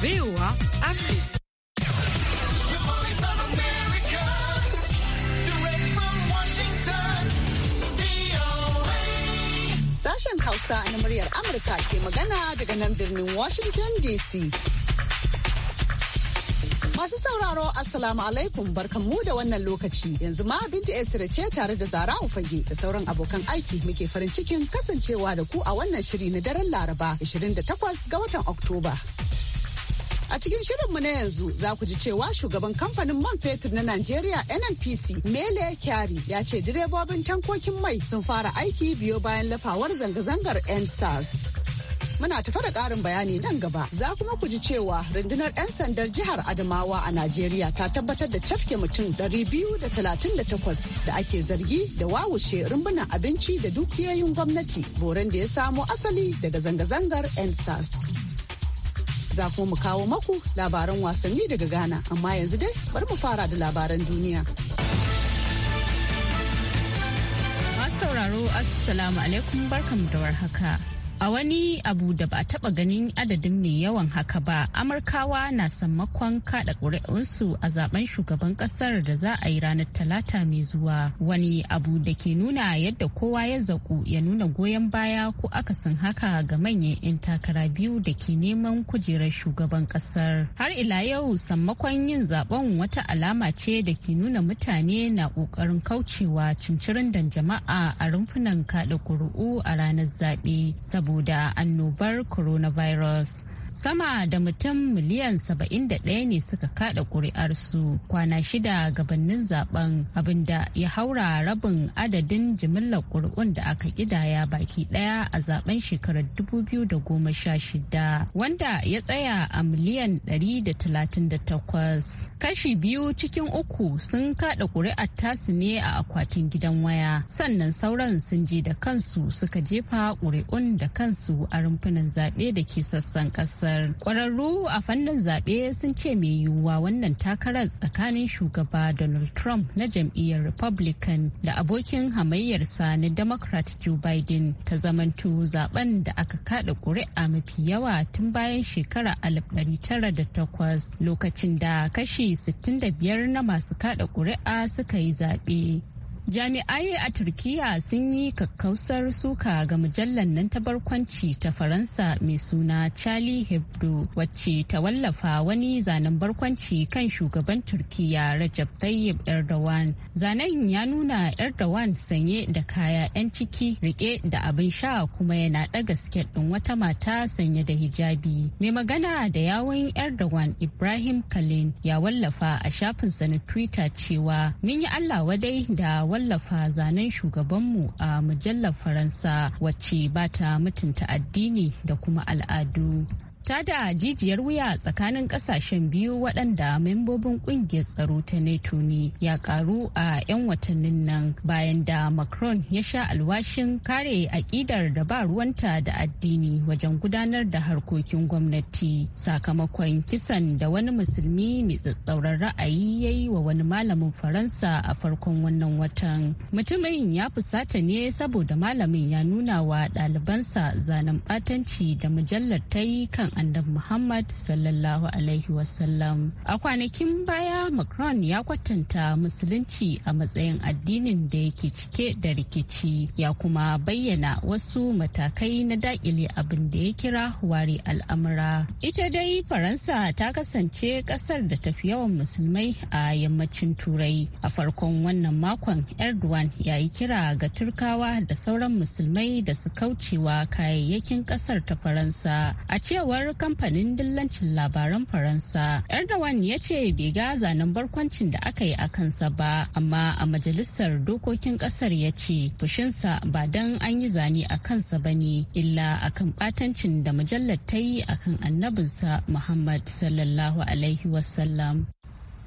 VOA Afrique. Sashen Hausa na muryar Amurka ke magana daga nan birnin Washington DC. Masu sauraro Assalamu alaikum barkanmu da wannan lokaci yanzu ma Binta Esira ce tare da Zara Ufage da sauran abokan aiki muke farin cikin kasancewa da ku a wannan shiri na daren Laraba 28 ga watan Oktoba. A cikin shirinmu na yanzu za ku ji cewa shugaban kamfanin man fetur na Najeriya NNPC Mele Kyari ya ce direbobin tankokin mai sun fara aiki biyo bayan lafawar zanga-zangar NSARS. Muna tafa da ƙarin bayani nan gaba. Za kuma ku ji cewa rundunar 'yan sandar jihar Adamawa a Najeriya ta tabbatar da cafke mutum 238 da ake zargi da wawushe rumbunan abinci da dukiyoyin gwamnati boron da ya samo asali daga zanga-zangar NSARS. za kuma mu kawo maku labaran wasanni daga Ghana amma yanzu dai bari mu fara da labaran duniya. Masu sauraro Assalamu alaikum barkamu da warhaka. A wani abu da ba taba ganin adadin mai yawan haka ba, Amurkawa na sammakon kada ƙuri'unsu a zaben shugaban ƙasar da za a yi ranar Talata mai zuwa. Wani abu da ke nuna yadda kowa ya zaku ya nuna goyon baya ko akasin haka ga manyan 'yan takara biyu da ke neman kujerar shugaban ƙasar. Har ila yau sammakon yin zaben wata alama ce da ke nuna mutane na ƙoƙarin kaucewa cincirin dan jama'a a rumfunan kaɗa ƙuri'u a ranar zaɓe. saboda annobar coronavirus. sama da mutum miliyan 71 ne suka kada kuri'arsu kwana shida gabanin zaben abinda ya haura rabin adadin jimillar kuri'un da aka kidaya baki daya a zaben shekarar 2016 wanda ya tsaya a miliyan 138 kashi biyu cikin uku sun kada kuri'ar tasu ne a akwatin gidan waya sannan sauran sun je da kansu suka jefa kuri'un da kansu a rumfunan zaɓe da ke sassan ƙasa kasar kwararru a fannin zaɓe sun ce mai yiwuwa wannan takarar tsakanin shugaba donald trump na jam'iyyar republican da abokin hamayyarsa na democrat joe biden ta zamantu zaben da aka kada ƙuri'a mafi yawa tun bayan shekara 1908 lokacin da kashi 65 na masu kada ƙuri'a suka yi zaɓe Jami'ai a turkiyya sun yi kakkausar suka ga mujallar nan ta barkwanci ta Faransa mai suna Charlie Hebdo wacce ta wallafa wani zanen barkwanci kan shugaban turkiyya Rajab Tayyip Erdogan. Zanen ya nuna Erdogan sanye da kaya 'yan ciki rike da abin sha kuma yana ɗaga siket ɗin wata mata sanye da hijabi. Mai magana da yawon Erdogan Ibrahim Kalin ya wallafa a shafinsa na Twitter cewa mun yi Allah wadai da wallafa zanen shugabanmu a mujallar faransa wacce ba ta mutunta addini da kuma al'adu ta da jijiyar wuya tsakanin kasashen biyu waɗanda membobin ƙungiyar tsaro ta neto ne ya karu a 'yan watannin nan bayan da macron ya sha alwashin kare aƙidar da ba ruwanta da addini wajen gudanar da harkokin gwamnati sakamakon kisan da wani musulmi mai tsatsauran ra'ayi ya yi wa wani malamin faransa a farkon wannan watan mutumin ya fusata ne saboda malamin ya nuna wa ɗalibansa zanen ɓatanci da mujallar ta yi kan annab Muhammad sallallahu Alaihi wasallam. A kwanakin baya Macron ya kwatanta musulunci a matsayin addinin da yake cike da rikici ya kuma bayyana wasu matakai na dakile abin da ya kira ware al'amura. Ita dai Faransa ta kasance ƙasar da tafi yawan musulmai a yammacin Turai. A farkon wannan makon Erdogan ya yi kira ga Turkawa da sauran musulmai da su kaucewa kayayyakin ƙasar ta Faransa. A cewar cewar kamfanin dillancin labaran Faransa. Erdogan ya ce bai ga zanen barkwancin da aka yi a kansa ba, amma a majalisar dokokin kasar ya ce fushinsa ba don an yi zane a kansa ba ne, illa akan batancin da mujallar ta yi a kan annabinsa Muhammad sallallahu alaihi wasallam.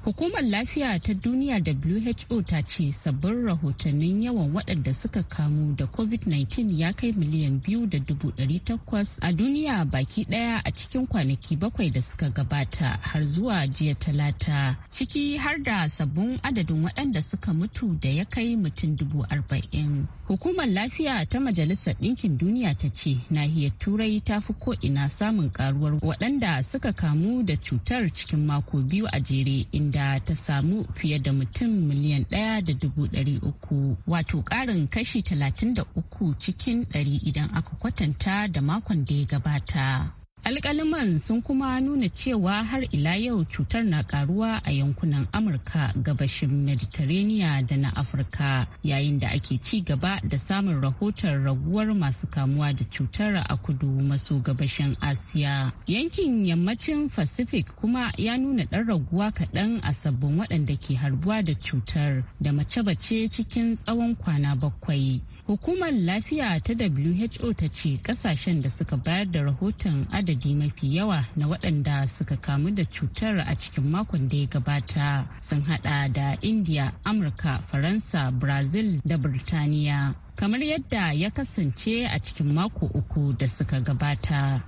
Hukumar lafiya ta duniya WHO ta ce sabbin rahotannin yawan waɗanda suka kamu da COVID-19 ya kai miliyan biyu da dubu ɗari takwas a duniya baki ɗaya a cikin kwanaki bakwai da suka gabata har zuwa jiya talata. Ciki har da sabbin adadin waɗanda suka mutu da ya kai mutum dubu arba'in. Hukumar lafiya ta Majalisar Ɗinkin Duniya ta ce nahiyar Turai ta fi ko'ina samun karuwar waɗanda suka kamu da cutar cikin mako biyu a jere inda da ta samu fiye da mutum miliyan ɗaya da dubu ɗari uku wato ƙarin kashi talatin da uku cikin ɗari idan aka kwatanta da makon da ya gabata. alkaliman sun kuma nuna cewa har ila yau cutar na karuwa a yankunan amurka gabashin mediterania da na afirka yayin da ake ci gaba da samun rahoton raguwar masu kamuwa da cutar a kudu maso gabashin asiya yankin yammacin pacific kuma ya nuna dan raguwa kaɗan a sabbin waɗanda ke harbuwa da cutar da mace-bace cikin tsawon kwana bakwai Hukumar lafiya ta WHO ta ce kasashen da suka bayar da rahoton adadi mafi yawa na waɗanda suka kamu da cutar a cikin makon da ya gabata sun haɗa da India, Amurka, Faransa, Brazil da Birtaniya. Kamar yadda ya kasance a cikin mako uku da suka gabata.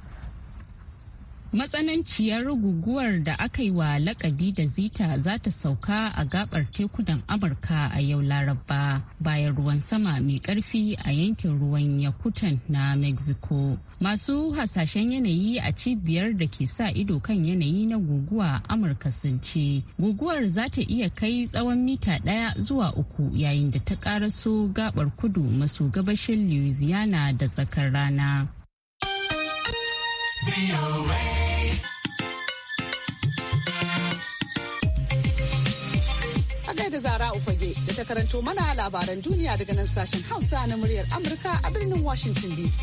matsananciyar guguwar da aka yi wa lakabi da zita za ta sauka a gabar tekudan amurka a yau laraba bayan ruwan sama mai karfi a yankin ruwan yakutan na mexico masu hasashen yanayi a cibiyar da ke sa ido kan yanayi na guguwa amurka sun ce guguwar za ta iya kai tsawon mita ɗaya zuwa uku yayin da ta karaso gabar kudu maso gabashin louisiana da tsakar rana da zara ufage da ta karanto mana labaran duniya daga nan sashen hausa na muryar amurka a birnin washington dc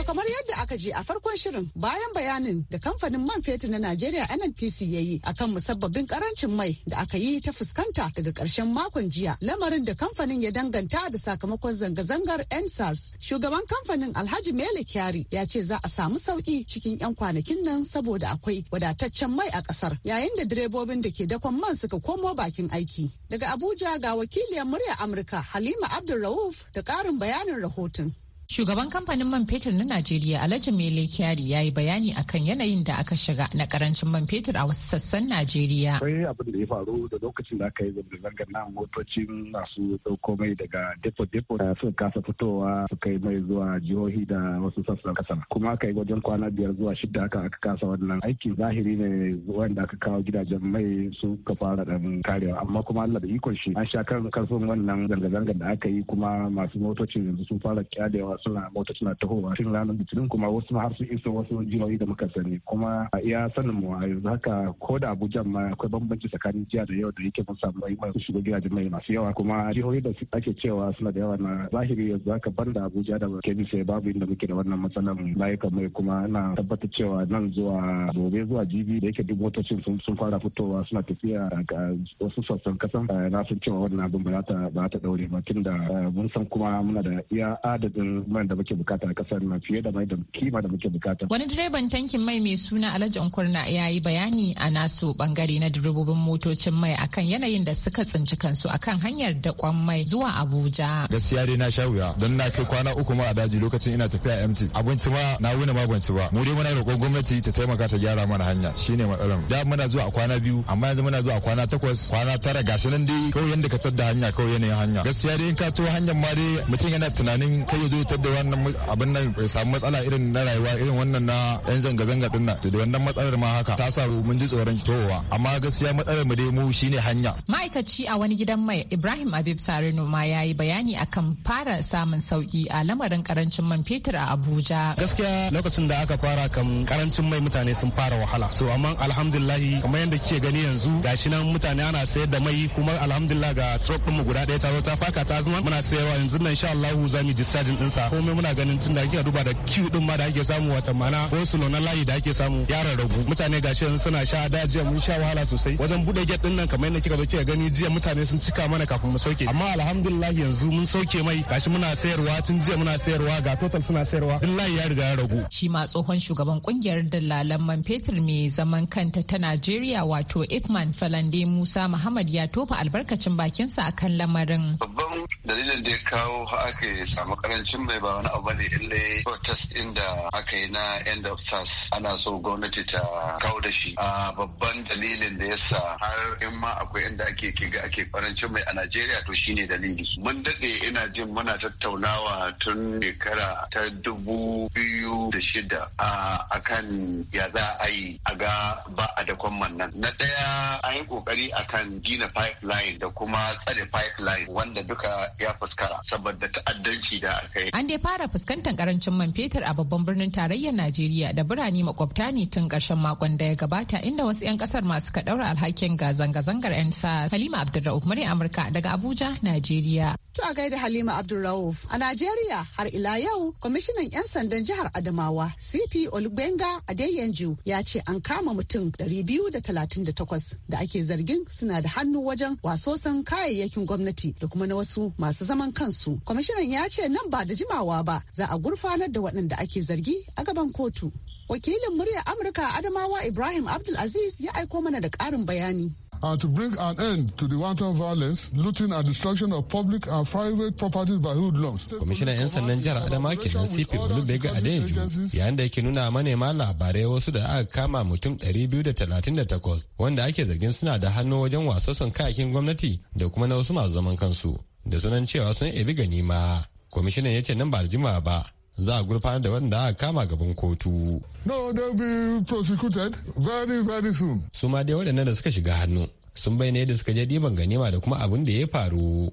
To kamar yadda aka je a farkon shirin bayan bayanin da kamfanin man fetur na Najeriya NNPC ya yi akan musabbabin karancin mai da aka yi ta fuskanta daga ƙarshen makon jiya lamarin da kamfanin ya danganta da sakamakon zanga-zangar NSARS. Shugaban kamfanin Alhaji Mele Kyari ya ce za a samu sauki cikin 'yan kwanakin nan saboda akwai wadataccen mai a ƙasar yayin da direbobin da ke dakon man suka komo bakin aiki. Daga Abuja ga wakiliyar murya Amurka Halima Abdulrauf da ƙarin bayanin rahoton. Shugaban kamfanin man fetur na Najeriya Alhaji Mele Kyari ya yi bayani akan yanayin da aka shiga na karancin man fetur a wasu sassan Najeriya. Akwai abin da ya faru da lokacin da aka yi zanga-zangar na motocin masu ɗauko mai daga depo-depo da suka kasa fitowa su kai mai zuwa jihohi da wasu sassan ƙasar. Kuma aka yi wajen kwana biyar zuwa shida aka aka kasa wannan aikin zahiri ne wanda aka kawo gidajen mai su ka fara ɗan karewa amma kuma Allah da ikon shi an sha kan karfin wannan zanga-zangar da aka yi kuma masu motocin yanzu sun fara kyalewa suna mota suna tahowa tun ranar litinin kuma wasu har sun iso wasu jihohi da muka sani kuma a iya sanin mu a yanzu haka ko da abuja ma akwai bambanci tsakanin jiya da yau da yake mun samu mai masu shigo gidajen mai masu yawa kuma jihohi da ake cewa suna da yawa na zahiri yanzu haka banda abuja da kebbi sai babu inda muke da wannan matsalar layukan mai kuma na tabbatar cewa nan zuwa gobe zuwa jibi da yake duk motocin sun fara fitowa suna tafiya ga wasu sassan kasan eh, na san cewa wannan abin ba za ta daure ba tunda da eh, mun san kuma muna da iya adadin man da muke bukata a kasar nan fiye da mai da kima da muke bukata. Wani direban tankin mai mai suna Alhaji Nkurna ya yi bayani a nasu bangare na direbobin motocin mai akan yanayin da suka tsinci kansu akan hanyar da kwan mai zuwa Abuja. Gaskiya dai na sha wuya don na kai kwana uku ma a daji lokacin ina tafiya MT. Abinci ma na wuni ma abinci ba. Mu dai muna roƙon gwamnati ta taimaka ta gyara mana hanya shine matsalar. Da muna zuwa a kwana biyu amma yanzu muna zuwa a kwana takwas kwana tara gashi nan dai kawai yanda ka tadda hanya kawai yanayin hanya. Gaskiya dai in ka to hanyar ma dai mutum yana tunanin kai ya zo fitar da wannan abin nan bai samu matsala irin na rayuwa irin wannan na yan zanga-zanga din nan da wannan matsalar ma haka ta sa mun ji tsoron towa amma gaskiya matsalar mu dai mu shine hanya ma'aikaci a wani gidan mai Ibrahim Abib Sarino ma ya yi bayani akan fara samun sauki a lamarin karancin man fetur a Abuja gaskiya lokacin da aka fara kan karancin mai mutane sun fara wahala so amma alhamdulillah kamar yadda kike gani yanzu gashi nan mutane ana sayar da mai kuma alhamdulillah ga truck mu guda ɗaya ta zo ta faka ta zama muna sayarwa yanzu nan insha Allah za mu sajin din ko komai muna ganin tun da ake duba da kiu din ma da ake samu wata mana wasu na layi da ake samu ya rarrabu mutane gashi yanzu suna sha dajiya mun sha wahala sosai wajen bude gate din nan kamar yadda kika zo kika gani jiya mutane sun cika mana kafin mu sauke amma alhamdulillah yanzu mun sauke mai gashi muna sayarwa tun jiya muna sayarwa ga total suna sayarwa din layi ya riga ya ragu shi ma tsohon shugaban kungiyar dalalan man fetur mai zaman kanta ta Najeriya wato Ipman Falande Musa Muhammad ya tofa albarkacin bakinsa akan lamarin babban dalilin da ya kawo aka samu karancin mai ba wani abu ne lai protest din da aka yi na end of sars ana so gwamnati ta kawo da shi a babban dalilin da yasa har in ma akwai inda ake kiga ake farancin mai a najeriya to shine dalili mun daɗe ina jin muna tattaunawa tun shekara ta dubu biyu da shida a akan ya za a yi a ga ba a da kwamman nan na ɗaya an yi kokari akan gina pipeline da kuma tsare pipeline wanda duka ya fuskara saboda ta'addanci da aka yi An dai fara fuskantar karancin man fetur a babban birnin tarayyar Najeriya da birane makwabta ne tun karshen makon da ya gabata inda wasu 'yan kasar masu ka daura alhakin ga zanga-zangar 'yan sa Halima Abdulrahman Amurka daga Abuja, Najeriya. To a gaida Halima Abdulrauf. A Najeriya har ila yau kwamishinan 'yan sandan jihar Adamawa CP Olugbenga Adeyanju ya ce an kama mutum 238 da ake zargin suna da hannu wajen wasosan kayayyakin gwamnati da kuma na wasu masu zaman kansu. Kwamishinan ya ce nan ba da jimawa ba za a gurfanar da waɗanda ake zargi a gaban kotu. Wakilin muryar Amurka Adamawa Ibrahim Abdulaziz ya aiko mana da ƙarin bayani. and to bring an end to the wanton violence, looting and destruction of public and private properties by hoodlums. Kwamishinan 'yan sandan jihar Adama kenan CP Olubega Adeju yayin da yake nuna manema labarai wasu da aka kama mutum 238 wanda ake zargin suna da hannu wajen wasosan kayakin gwamnati da kuma na wasu masu zaman kansu da sunan cewa sun ebi ganima. Kwamishinan ya ce nan ba aljima ba za a gurfanar da wanda aka kama gaban kotu. No, they'll be prosecuted very, very soon. Su ma dai waɗannan da suka shiga hannu sun bai bayyana yadda suka je ɗiban ganima da kuma abin da ya faru.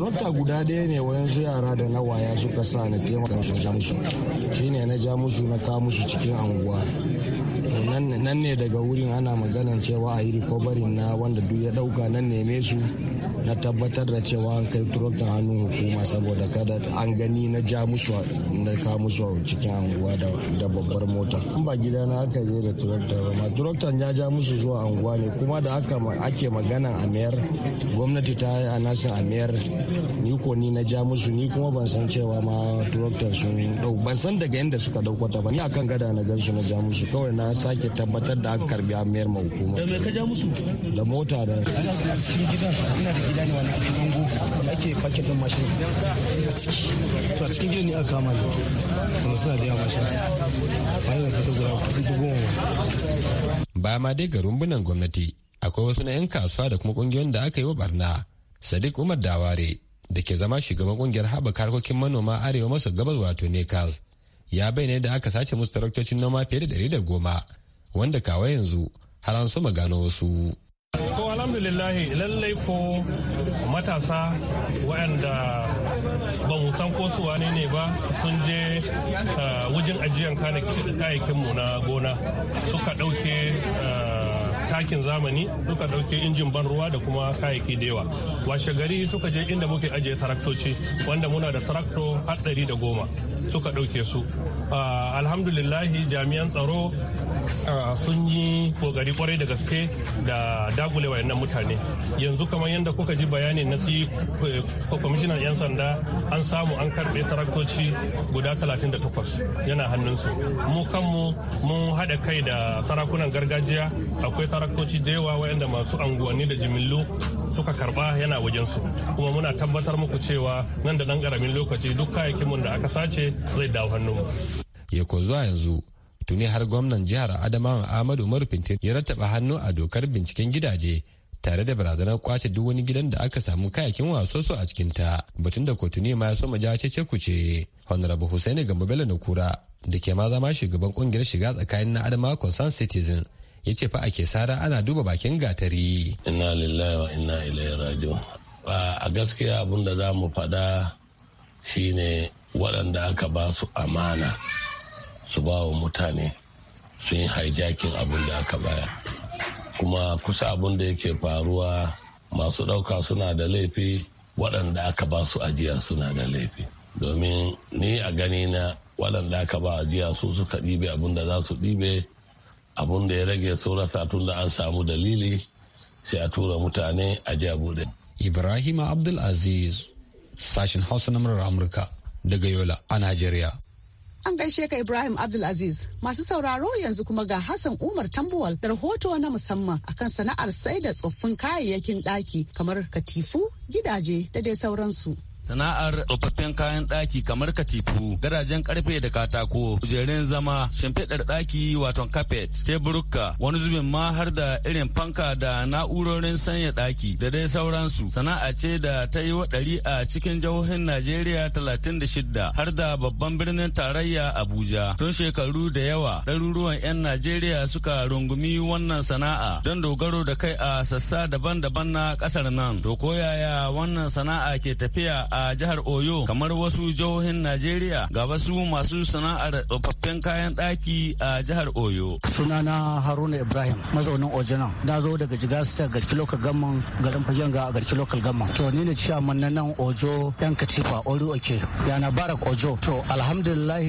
wata guda ɗaya ne su yara da na waya suka sa na taimaka su ja musu. Shi ne na ja musu na kawo musu cikin anguwa. Nan ne daga wurin ana maganan cewa a yi rikobarin na wanda duk ya ɗauka nan neme su na tabbatar da cewa an kai turokin hannun hukuma saboda kada an gani na ja musu na ka musu cikin anguwa da babbar mota in ba gida na aka je da turokta ba ma ya ja musu zuwa anguwa ne kuma da aka ake magana a mayar gwamnati ta yi a a mayar ni ko ni na ja musu ni kuma ban san cewa ma turokta sun dau ban san daga yadda suka dauko ta ba ni akan gada na gansu na ja musu kawai na sake tabbatar da aka karbi a mayar ma hukuma da da mota da a cikin gidan ina da gida ne wani abin da ake fakin din mashin a to a cikin gidan ne aka kama suna da yawa mashin bayan sai ta gura goma ba ma dai ga rumbunan gwamnati akwai wasu na 'yan kasuwa da kuma kungiyoyin da aka yi wa barna sadiq umar daware da ke zama shugaban kungiyar haɓaka harkokin manoma arewa maso gabas wato nekas ya bayyana da aka sace musu taraktocin noma fiye da ɗari da goma wanda kawai yanzu har an soma gano wasu To alhamdulillahi lallai ko matasa waɗanda ba mu san ko su wane ne ba sun je eh, wajen ajiyan kayayyakin mu na gona suka ɗauke eh, takin zamani suka ɗauke injin ban ruwa da kuma kayayyaki da yawa washe gari suka je inda muke ajiye taraktoci wanda muna da tarakto har ɗari da goma suka ɗauke su ah, alhamdulillahi jami'an tsaro ah, sun yi kokari kwarai da gaske da dagule wayannan mutane yanzu kamar yadda kuka ji bayani na si eh, kwamishinan 'yan sanda an samu an karɓe taraktoci guda 38 yana hannunsu mu kanmu mun haɗa kai da sarakunan gargajiya akwai harakoci da yawa wayanda masu anguwanni da jimillu suka karba yana wajen su kuma muna tabbatar muku cewa nan da nan karamin lokaci duk kayayyakin da aka sace zai dawo hannu. ya ko zuwa yanzu tuni har gwamnan jihar adamawa ahmadu marufinti ya rattaba hannu a dokar binciken gidaje tare da barazanar kwace duk wani gidan da aka samu kayakin su a cikinta batun da kotuni ma ya mu ja ce ce kuce honorable husaini gambo bello na kura da ke ma zama shugaban kungiyar shiga tsakanin na adama concerned citizen ya ce fa ake sara ana duba bakin gatari. Inna lillahi wa inna ilaihi raji'un. A gaskiya abin da za mu faɗa shine waɗanda aka ba su amana su ba wa mutane sun yi hijacking abin da aka baya. Kuma kusa abin da yake faruwa masu ɗauka suna da laifi waɗanda aka ba su ajiya suna da laifi. Domin ni a gani na waɗanda aka ba ajiya su suka ɗibe abin da za su ɗibe abun da ya rage saurasa tun da an samu dalili sai a tura mutane a je buɗe. ibrahim abdulaziz sashen hausa na murar amurka daga yola a najeriya An gaishe ka Ibrahim Abdulaziz. Masu sauraro yanzu kuma ga Hassan Umar Tambuwal da rahoto na musamman akan sana'ar sai da tsoffin kayayyakin ɗaki kamar katifu, gidaje da dai sauransu. sana'ar tsofaffin kayan ɗaki kamar katifu garajen karfe da katako kujerun zama shimfiɗar ɗaki waton kafet teburuka wani zubin ma har da irin fanka da na'urorin sanya ɗaki da dai sauransu sana'a ce da ta yi wa a cikin jihohin najeriya talatin da shidda har da babban birnin tarayya abuja tun shekaru da yawa ɗaruruwan 'yan najeriya suka rungumi wannan sana'a don dogaro da kai a sassa daban-daban na ƙasar nan to koyaya yaya wannan sana'a ke tafiya a jihar Oyo kamar wasu jihohin Najeriya ga wasu masu sana'ar tsofaffin kayan ɗaki a jihar Oyo. Sunana Haruna Ibrahim mazaunin Ojana na zo daga Jigasta garki local gamman garin fagen ga garki local gamman. To ni ne ciyaman na nan Ojo yan katifa Olu Oke yana Barak Ojo. To alhamdulillah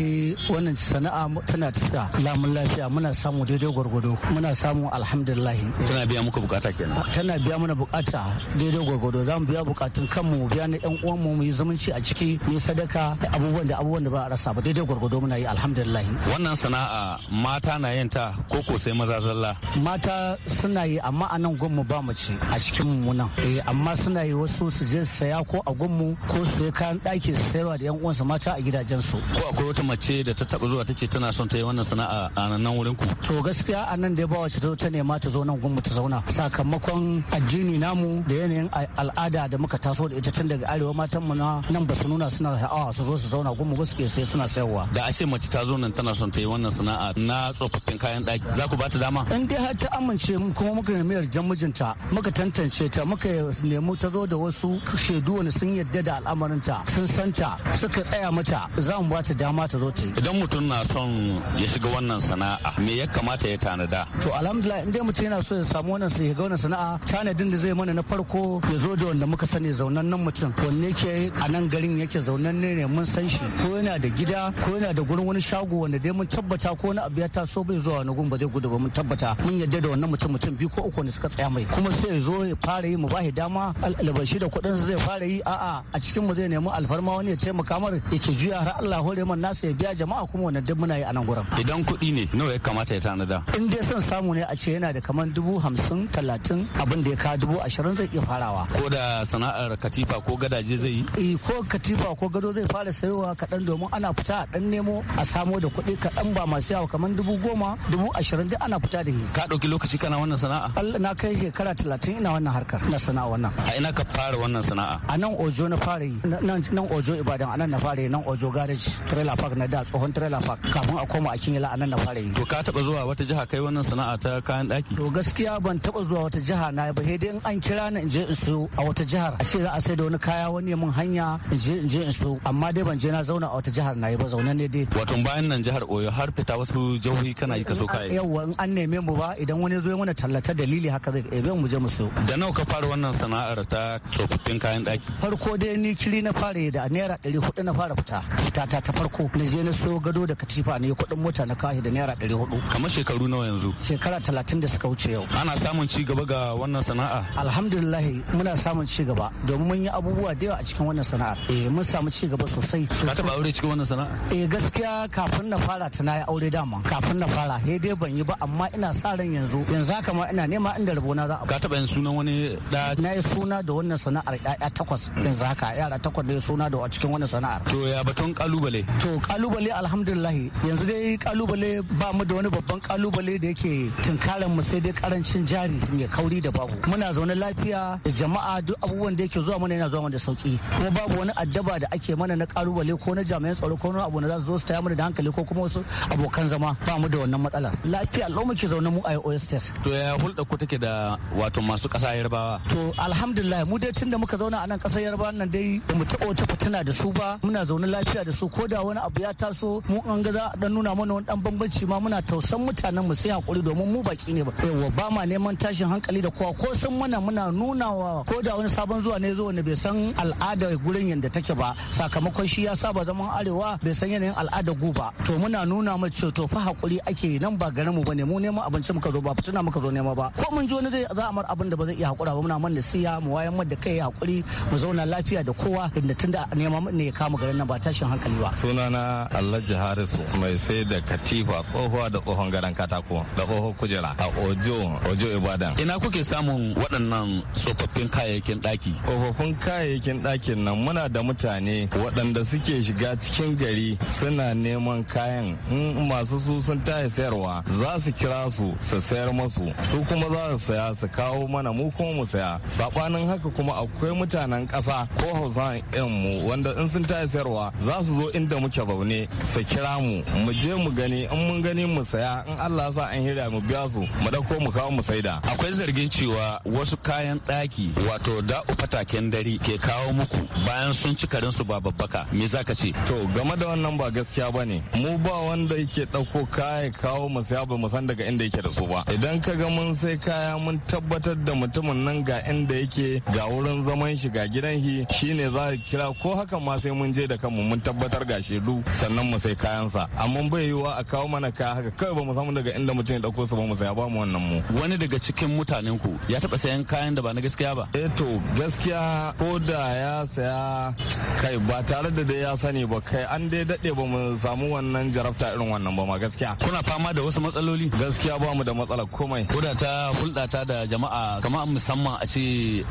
wannan sana'a tana tafiya lamun lafiya muna samu daidai gwargwado muna samu alhamdulillah. Tana biya muku bukata kenan. Tana biya mana bukata daidai gwargwado za mu biya bukatun kanmu biya na yan uwanmu mu yi zumunci a ciki mu sadaka abubuwan da abubuwan da ba a rasa ba daidai gwargwado muna yi alhamdulillah wannan sana'a mata na yin ta ko ko sai maza zalla mata suna yi amma a nan gwamma ba mace a cikin mu nan eh amma suna yi wasu su je saya ko a gwamma ko su kayan daki su sayarwa da yan uwansu mata a gidajen su. ko akwai wata mace da ta taba zuwa ta ce tana son ta yi wannan sana'a a nan wurin ku to gaskiya a nan da ba wace ta nema ta zo nan gwamma ta zauna sakamakon addini namu da yanayin al'ada da muka taso da ita tun daga arewa mata mu na nan ba su nuna suna sha'awa su zo su zauna gun mu ba su ke sai suna sayarwa da a ce mace ta zo nan tana son ta yi wannan sana'a na tsofaffin kayan ɗaki za ku ba ta dama in dai har ta amince mu kuma muka nemi yarjan mijinta muka tantance ta muka nemi ta zo da wasu shaidu wani sun yadda da al'amarin ta sun san ta suka tsaya mata za mu ba ta dama ta zo ta yi idan mutum na son ya shiga wannan sana'a me ya kamata ya tanada to alhamdulillah in dai mutum yana so ya samu wannan sai ya ga wannan sana'a tanadin da zai mana na farko ya zo da wanda muka sani zaunan nan mutum wanne ke dai a nan garin yake zaunan ne mun san shi ko yana da gida ko yana da gurin wani shago wanda dai mun tabbata ko wani abu ya taso bai zuwa wani gun ba zai gudu ba mun tabbata mun yadda da wannan mutum mutum biyu ko uku ne suka tsaya mai kuma sai ya zo ya fara yi mu ba dama albashi da kuɗin zai fara yi a'a a cikin mu zai nemi alfarma wani ya taimaka mar yake juya har Allah hore man nasa ya biya jama'a kuma wannan duk muna yi a nan gurin idan kuɗi ne nawa ya kamata ya tanada in dai son samu ne a ce yana da kamar dubu hamsin talatin abin da ya ka dubu ashirin zai iya farawa ko da sana'ar katifa ko gadaje zai yi Eh, ko katifa ko gado zai fara sayowa kaɗan domin ana fita a ɗan nemo a samo da kuɗi kaɗan ba masu yawa kamar dubu goma dubu ashirin duk ana fita da ni. ka ɗauki lokaci kana wannan sana'a. Allah na kai shekara talatin ina wannan harkar na sana'a wannan. a ina ka fara wannan sana'a. a nan ojo na fara yi nan ojo ibadan a nan na fara yi nan ojo garage trailer park na da tsohon trailer park kafin a koma a kinyala a nan na fara yi. to ka taɓa zuwa wata jiha kai wannan sana'a ta kayan ɗaki. to gaskiya ban taɓa zuwa wata jiha na ba sai dai an kira ni in je in siyo a wata jihar a ce za a sai da wani kaya wani ya mun hanya in je in je in so amma dai ban je na zauna a wata jihar na yi ba zaune ne dai wato bayan nan jihar Oyo har fita wasu jihohi kana yi kaso kai yawa in an neme mu ba idan wani zo ya mana tallata dalili haka zai ebe eh, mu je mu so da nawa ka fara wannan sana'ar ta tsofaffin kayan daki farko dai ni kiri na fara da naira 400 na fara fita fita ta ta farko na je na so gado da katifa ne kuɗin mota na kashi da naira 400 kamar shekaru nawa yanzu shekara 30 da suka wuce yau ana samun ci gaba ga wannan sana'a alhamdulillah muna samun ci gaba domin mun yi abubuwa da yawa a cikin cikin wannan sana'ar eh mun samu ci gaba sosai ka taba aure cikin wannan sana'ar eh gaskiya kafin na fara na yi aure dama kafin na fara he dai ban yi ba amma ina sa ran yanzu yanzu haka ma ina nema inda na za a ka taba yin sunan wani da na yi suna da wannan sana'ar yaya takwas yanzu haka yara takwas ne suna da a cikin wannan sana'ar to ya baton kalubale to kalubale alhamdulillah yanzu dai kalubale ba mu da wani babban kalubale da yake tunkaran mu sai dai karancin jari mai kauri da babu muna zaune lafiya da jama'a duk abubuwan da yake zuwa mana yana zuwa mana da sauki kuma babu wani addaba da ake mana na kalubale ko na jami'an tsaro ko na abu na za su zo su taya mana da hankali ko kuma wasu abokan zama ba mu da wannan matsala lafiya lau muke zaune mu a Oyo State to ya hulɗa ku take da wato masu ƙasa Yarbawa to alhamdulillah mu dai tun da muka zauna a nan ƙasar Yarbawa nan dai ba mu taɓa wata fitina da su ba muna zaune lafiya da su ko da wani abu ya taso mu an ga za dan nuna mana wani dan bambanci ma muna tausan mutanen mu sai hakuri domin mu baki ne ba yawa ba ma neman tashin hankali da kowa ko sun mana muna nuna wa ko da wani sabon zuwa ne zuwa ne bai san al'ada da gurin yadda take ba sakamakon shi ya saba zaman arewa bai san yanayin al'adar gu ba to muna nuna mu ce to fa hakuri ake nan ba garin mu bane mu neman abinci muka zo ba fitina muka zo nema ba ko mun ji wani zai za a mar abin da ba zai iya hakura ba muna man siya mu wayan mu da kai hakuri mu zauna lafiya da kowa inda tunda nema ne ya kama garin nan ba tashin hankali ba sunana Alhaji Harisu mai sai da katifa kofa da kofan garan katako da tsohon kujera a Ojo Ojo Ibadan ina kuke samun waɗannan tsofaffin kayayyakin ɗaki tsofaffin kayayyakin ɗaki aikin nan muna da mutane waɗanda suke shiga cikin gari suna neman kayan in masu su sun taya sayarwa za su kira su su sayar masu su kuma za su saya su kawo mana mu kuma mu saya sabanin haka kuma akwai mutanen ƙasa ko hausa yan mu wanda in sun taya sayarwa za su zo inda muke zaune su kira mu mu je mu gani in mun gani mu saya in Allah sa an hira mu biya su mu dauko mu kawo mu saida akwai zargin cewa wasu kayan ɗaki wato da fataken dare ke kawo muku uku bayan sun ci karin su ba babbaka me zaka ce to game da wannan ba gaskiya bane mu ba wanda yake dauko kaya kawo mu sai ba mu san daga inda yake da su ba idan ka ga mun sai kaya mun tabbatar da mutumin nan ga inda yake ga wurin zaman shi ga gidan shi shine za ka kira ko hakan ma sai mun je da kanmu mun tabbatar ga shedu sannan mu sai kayansa amma bai yiwa a kawo mana kaya haka kawai ba mu samu daga inda mutum ya dauko su ba mu sai ba mu wannan mu wani daga cikin mutanen ku ya taba sayan kayan da ba na gaskiya ba eh to gaskiya ko da ya saya kai ba tare da dai ya sani ba kai an dai daɗe ba mu samu wannan jarabta irin wannan ba ma gaskiya. Kuna fama da wasu matsaloli? Gaskiya ba mu da matsalar komai. da ta hulɗa ta da jama'a kamar musamman a ce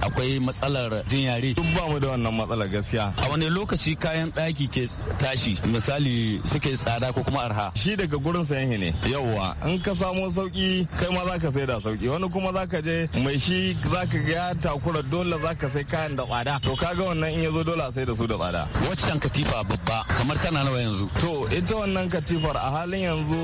akwai matsalar jin yare. Duk ba mu da wannan matsalar gaskiya. A wani lokaci kayan ɗaki ke tashi misali suke tsada ko kuma arha. Shi daga gurin sayan ne. Yawwa in ka samo sauki kai ma za ka sai da sauki wani kuma za ka je mai shi za ka ga ya takura dole za ka sai kayan da tsada. To kaga wannan nan in ya zo dole a sai da su da tsada waccan katifa babba kamar tana nawa yanzu to ita wannan katifar a halin yanzu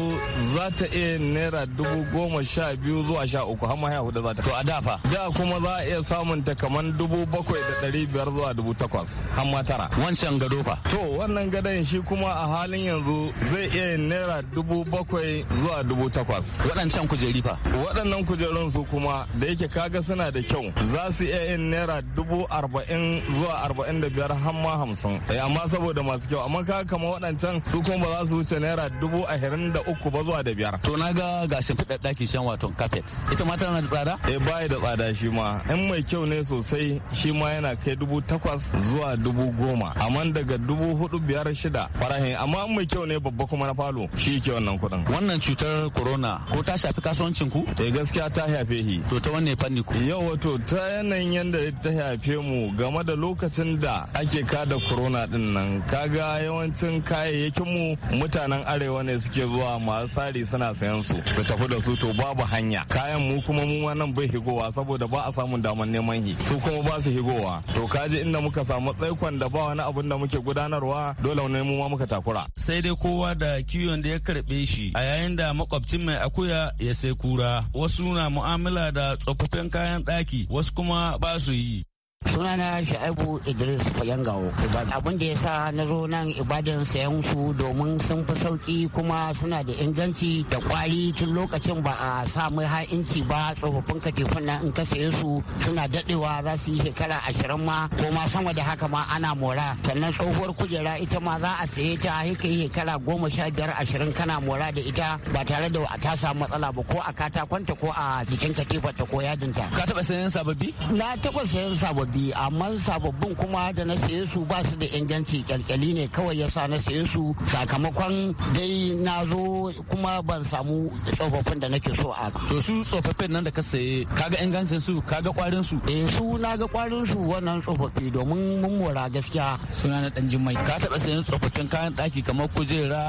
za ta iya naira dubu goma sha biyu zuwa sha uku har ma hudu za ta to a da fa da kuma za a iya samun ta kamar dubu bakwai da ɗari biyar zuwa dubu takwas har ma tara wancan gado fa to wannan gadon shi kuma a halin yanzu zai iya naira dubu bakwai zuwa dubu takwas waɗancan kujeri fa waɗannan kujerun su kuma da yake kaga suna da kyau za su iya yin naira dubu arba'in zuwa arba'in da biyar har ma hamsin eh, amma saboda masu kyau amma ka kama waɗancan su kuma ba za su wuce naira dubu ashirin da uku ba zuwa da biyar. to na ga gashin fiɗa ɗaki shan waton carpet ita ma tana da tsada. eh bayi da tsada shi ma in mai kyau ne sosai shi ma yana kai dubu takwas zuwa dubu goma amma daga dubu hudu biyar shida farahin amma in mai kyau ne babba kuma na falo shi ke wannan kuɗin. wannan cutar corona ko ta shafi kasuwancin ku. eh gaskiya ta shafe shi. to ta wanne fanni ku. yau wato ta yanayin yadda ta shafe mu game da lokacin lokacin da ake kada corona din nan kaga yawancin kayayyakin mu mutanen arewa ne suke zuwa masu tsari suna sayan su su tafi da su to babu hanya kayan mu kuma mu nan bai higowa saboda ba a samun damar neman hi su kuma ba su higowa to kaji inda muka samu tsaikon da ba wani abun da muke gudanarwa dole ne mu ma muka takura sai dai kowa da kiwon da ya karbe shi a yayin da makwabcin mai akuya ya sai kura wasu na mu'amala da tsofaffin kayan daki wasu kuma ba su yi sunana sha'ibu idris fayangawo abin da ya sa na zo nan ibadan sayan su domin sun fi sauki kuma suna da inganci da kwari tun lokacin ba a sa mai ba tsofaffin katifin nan in ka saye su suna dadewa za su yi shekara ashirin ma ko ma sama da haka ma ana mora sannan tsohuwar kujera ita ma za a saye ta haka yi shekara goma sha biyar ashirin kana mora da ita ba tare da ta samu matsala ba ko a katakonta ko a jikin katifar ta ko yadinta ka taba sayan sababbi na taba sayan sababbi sababbi amma sababbin kuma da na saye su ba su da inganci kyalkyali ne kawai ya sa na saye su sakamakon dai na zo kuma ban samu tsofaffin da nake so a to su tsofaffin nan da ka saye kaga ingancin su kaga kwarin su eh su na ga kwarin su wannan tsofaffi domin mun mora gaskiya suna na dan jimmai ka taba sayen tsofaffin kayan daki kamar kujera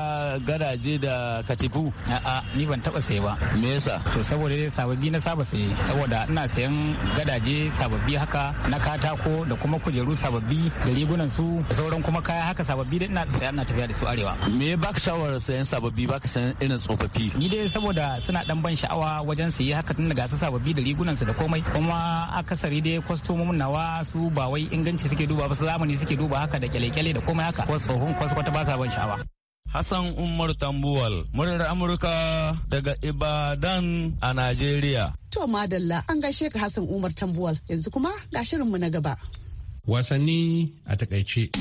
gadaje da katifu a'a ni ban taba saye ba me yasa to saboda sababbi na saba saye saboda ina sayan gadaje sababbi haka na katako da kuma kujeru sababbi da rigunan su da sauran kuma kaya haka sababbi da ina tsaya ina tafiya da su arewa me ba ka sayan sababbi baka irin tsofaffi ni dai saboda suna dan ban sha'awa wajen sayi haka tun daga su sababbi da rigunan su da komai kuma akasari dai kwastomomin nawa su ba wai inganci suke duba ba su zamani suke duba haka da kyale-kyale da komai haka wasu tsohon kwaskwata ba sa ban sha'awa Hassan Umar Tambuwal, muryar Amurka daga Ibadan a Najeriya. To madalla an gaishe ka Hassan Umar Tambuwal yanzu kuma ga shirinmu na gaba. Wasanni a takaice.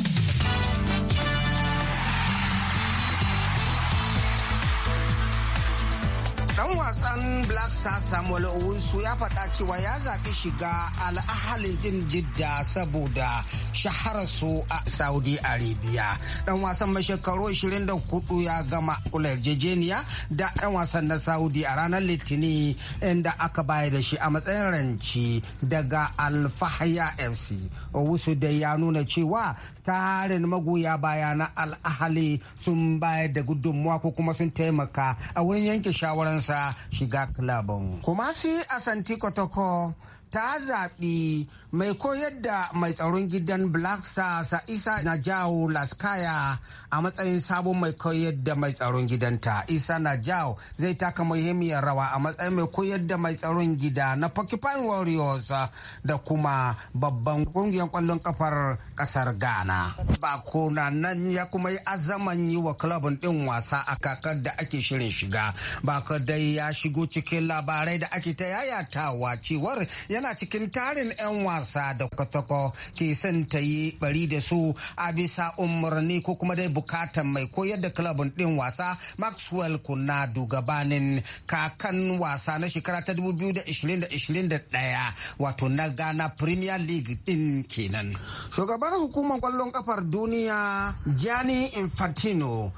matasa Samuel Owusu ya faɗa cewa ya zaɓi shiga al'ahalin din Jidda saboda shaharsu a Saudi Arabia. Ɗan wasan mai shekaru 24 ya gama kula yarjejeniya da ɗan wasan na Saudi a ranar Litinin inda aka bayar da shi a matsayin ranci daga Alfahaya FC. Owusu dai ya nuna cewa tarin magoya baya na al'ahali sun bayar da gudunmuwa ko kuma sun taimaka a wurin yanke shawararsa shiga club. Kumasi Asanti Kotoko ta zaɓi mai koyar da mai tsaron gidan black stars isa najao laskaya a matsayin sabon mai koyar da mai tsaron gidanta isa jawo zai taka muhimmiyar rawa a matsayin mai koyar da mai tsaron gida na porcupine warriors da kuma babban kungiyar kwallon kafar kasar ghana bako na nan ya kuma yi azaman yi wa kulabin din wasa a kakar da ake shirin shiga bako dai ya shigo cikin labarai da ake ta yayatawa cewar ya yana cikin tarin 'yan wasa da kwatakwa ke son ta yi bari da su a bisa umarni ko kuma dai bukatan mai koyar da kilabun din wasa maxwell kunadu dugabanin kakan wasa na shekara ta 2021 wato na ghana premier league din kenan shugaban hukumar kwallon kafar duniya gianni infantino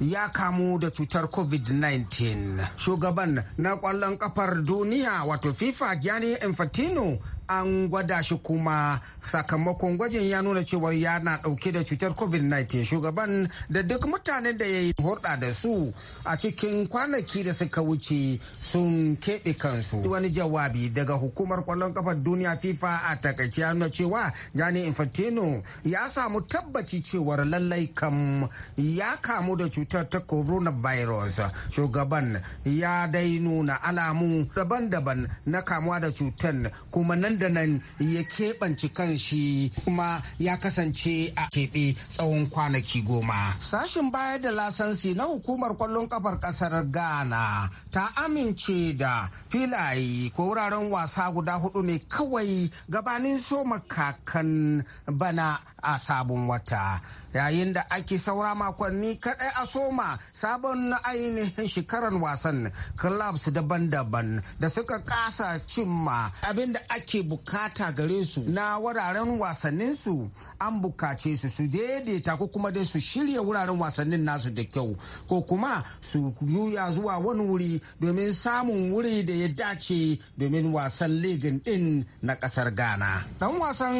ya kamu da cutar covid-19 shugaban na kwallon kafar duniya wato fifa gianni infantino an gwada shi kuma sakamakon gwajin ya nuna ya yana dauke da cutar covid-19 shugaban da duk mutanen da ya yi hurɗa da su a cikin kwanaki da suka wuce sun keɓe kansu wani jawabi daga hukumar kwallon kafar duniya fifa a takaice ya nuna cewa jani infantino ya samu tabbaci cewar lallai kam ya kamu da cutar ta coronavirus shugaban ya dai nuna alamu daban-daban na kamuwa da cutar kuma nan da nan ya keɓance kanshi kuma ya kasance a keɓe tsawon kwanaki goma. Sashen bayar da lasansi na hukumar kwallon kafar ƙasar Ghana ta amince da filaye ko wuraren wasa guda hudu ne kawai gabanin soma kakan bana a sabon wata. yayin da ake saura makonni kaɗai a soma sabon ainihin shekarar wasan clubs daban-daban da suka kasa cimma abinda ake bukata gare su na wuraren wasannin su an bukace su su daidaita ko kuma dai su shirya wuraren wasannin nasu da kyau ko kuma su juya zuwa wani wuri domin samun wuri da ya dace domin wasan ligin din na kasar ghana dan wasan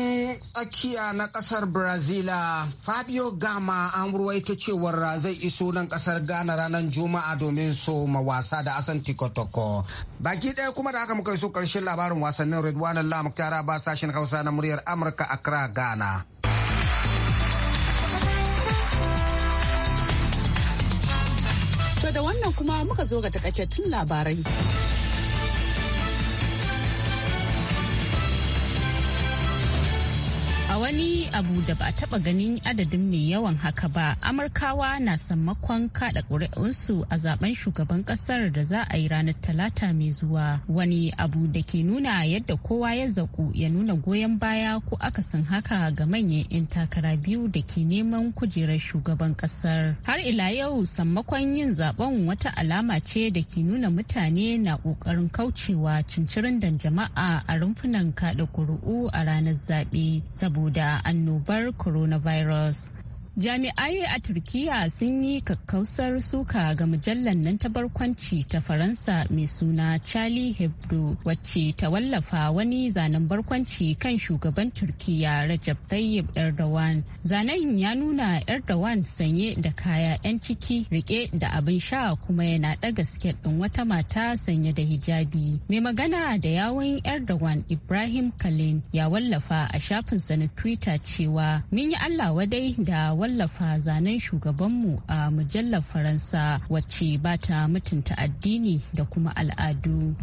tsakiya na kasar brazila fabio gama an ruwaito cewar zai iso nan kasar ghana ranar juma'a domin so ma wasa da asan tikotoko baki daya kuma da haka muka so karshen labarin wasannin redwan Mustapha ba ba sashen Hausa na muryar Amurka Accra Ghana. To da wannan kuma muka zo ga takaitattun labarai. A wani abu da ba taba ganin adadin mai yawan haka ba, Amurkawa na sammakon kada ƙuri'unsu a zaben shugaban ƙasar da za a yi ranar Talata mai zuwa. Wani abu da ke nuna yadda kowa ya zaku ya nuna goyon baya ko akasin haka ga manyan 'yan takara biyu da ke neman kujerar shugaban ƙasar. Har ila yau sammakon yin zaben wata alama ce da ke nuna mutane na ƙoƙarin kaucewa cincirindan jama'a a rumfunan kada ƙuri'u a ranar zaɓe. Saboda da annobar coronavirus Jami'ai a Turkiyya sun yi kakkausar suka ga mujallar nan ta barkwanci ta Faransa mai suna Charlie Hebdo wacce ta wallafa wani zanen barkwanci kan shugaban Turkiyya Rajab Tayyip Erdogan. Zanen ya nuna Erdogan sanye da kaya 'yan ciki rike da abin sha kuma yana ɗaga sket ɗin wata mata sanye da hijabi. Mai magana da yawon Erdogan Ibrahim Kalin ya wallafa a shafinsa na Twitter cewa mun yi Allah wadai da wallafa zanen shugabanmu a mujallar faransa wacce ba ta mutunta addini da kuma al'adu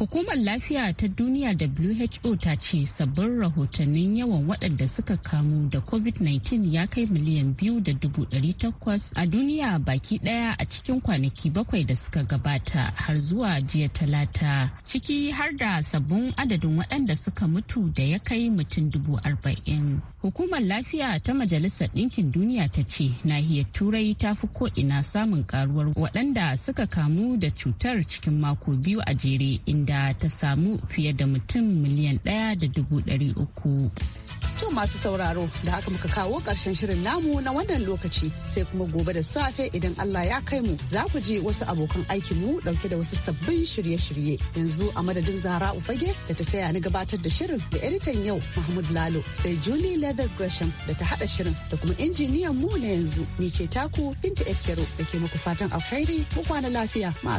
Hukumar lafiya ta duniya WHO ta ce sabbin rahotannin yawan waɗanda suka kamu da COVID-19 ya kai miliyan biyu da dubu ɗari takwas a duniya baki ɗaya a cikin kwanaki bakwai da suka gabata har zuwa jiya talata. Ciki har da sabbin adadin waɗanda suka mutu da ya kai mutum dubu arba'in. Hukumar lafiya ta Majalisar Ɗinkin Duniya ta ce nahiyar Turai ta fi ko'ina samun karuwar waɗanda suka kamu da cutar cikin mako biyu a jere inda da ta samu fiye da mutum miliyan ɗaya da dubu ɗari uku. To masu sauraro da haka muka kawo ƙarshen shirin namu na wannan lokaci sai kuma gobe da safe idan Allah ya kai mu za ku ji wasu abokan aikin mu dauke da wasu sabbin shirye-shirye yanzu a madadin Zara Ufage da ta taya ni gabatar da shirin da editan yau Mahmud Lalo sai Julie Leathers Gresham da ta hada shirin da kuma injiniyan mu na yanzu ni ce taku Binta Esero da ke muku fatan alkhairi mu kwana lafiya ma